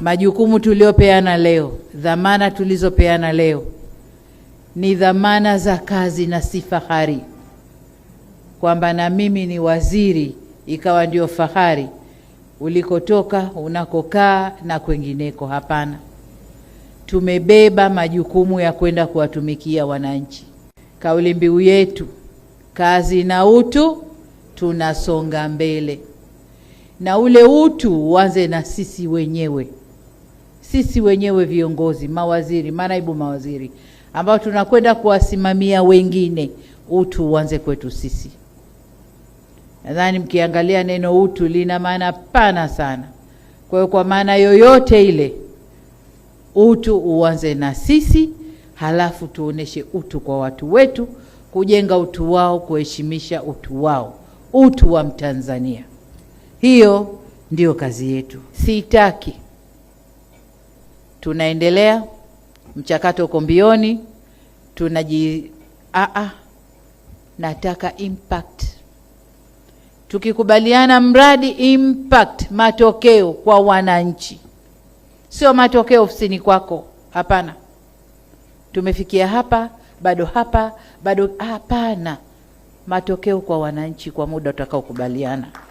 majukumu tuliopeana leo, dhamana tulizopeana leo ni dhamana za kazi, na si fahari kwamba na mimi ni waziri ikawa ndio fahari ulikotoka, unakokaa na kwengineko. Hapana, tumebeba majukumu ya kwenda kuwatumikia wananchi. Kauli mbiu yetu kazi na utu, tunasonga mbele. Na ule utu uanze na sisi wenyewe, sisi wenyewe viongozi, mawaziri, manaibu mawaziri ambao tunakwenda kuwasimamia wengine, utu uanze kwetu sisi. Nadhani mkiangalia neno utu lina maana pana sana. Kwa hiyo kwa maana yoyote ile, utu uanze na sisi, halafu tuoneshe utu kwa watu wetu kujenga utu wao, kuheshimisha utu wao, utu wa Mtanzania. Hiyo ndiyo kazi yetu. Sitaki, tunaendelea mchakato uko mbioni, tunaji aa, nataka impact. Tukikubaliana mradi impact, matokeo kwa wananchi, sio matokeo ofisini kwako. Hapana, tumefikia hapa bado hapa, bado hapana. Matokeo kwa wananchi kwa muda utakaokubaliana.